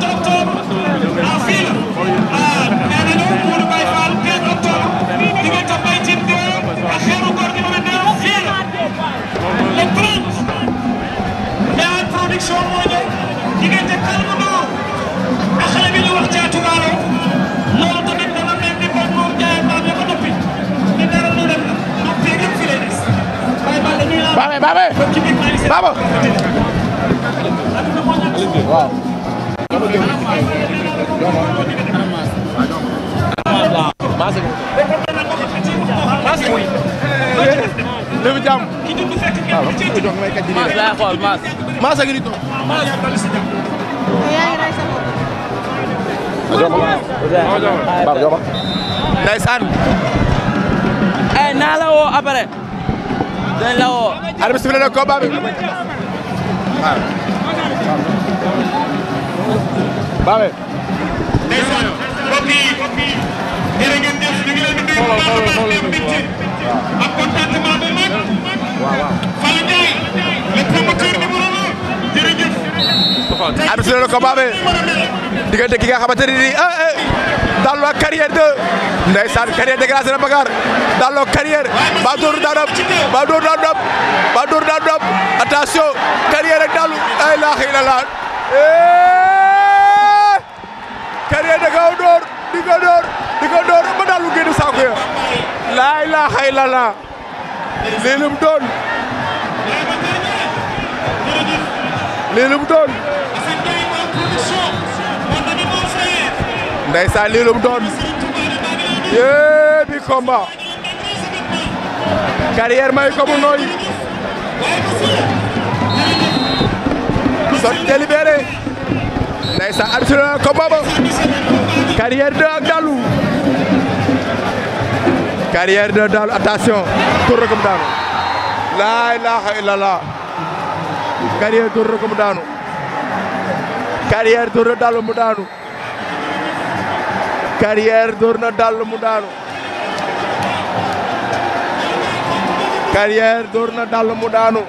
7 octobre en ville à Méréno pour le Baye Fall 13 octobre diggante Mbaye Tine 2 ak Xeeru Góor numéro 2 ville le 30 Ndiaye production moo ñëw diggante Kalmu Ndour ak xale bi ñu wax Caatu Waalo loolu tamit dama mel ni kon moom Ndiaye Fall ba noppi ni dara lu dem donc tey ngeen fi lay des Baye Fall dañuy naan. Baabe baabe baabe. waaw. léegi jàmm waaw waaw kii toog may kat ji maas laa xool maas. maas a ngi di toog. maas yaa ngi rey sa bopp. ndeysaan. eh naa la woo après. dañ la woo. arbitre bi la combat bi. waaw. Baabe. am mbégte ko Baabe. diggante ki nga xamante ne nii ah eh, ah. Eh, Dallo ak carrière de. ndeysaan carrière dégracé na Bakar. Dallo carrière. ba door ba door daa dab ba door daa dab attention carrière ak Dallo ay laa xëy laa ilaaha illallah lii lu mu doon lii doon ndeysaan lii lu mu doon yee bi combat carrière may ko mu nooy sot délibéré ndeysaan absina combat ba carrière 2 ak dalu carrière de daanu attention dóor na mu daanu laa ilaaha illallah carrière dóor na mu daanu carrière dóor na mu daanu carrière dóor na daal mu daanu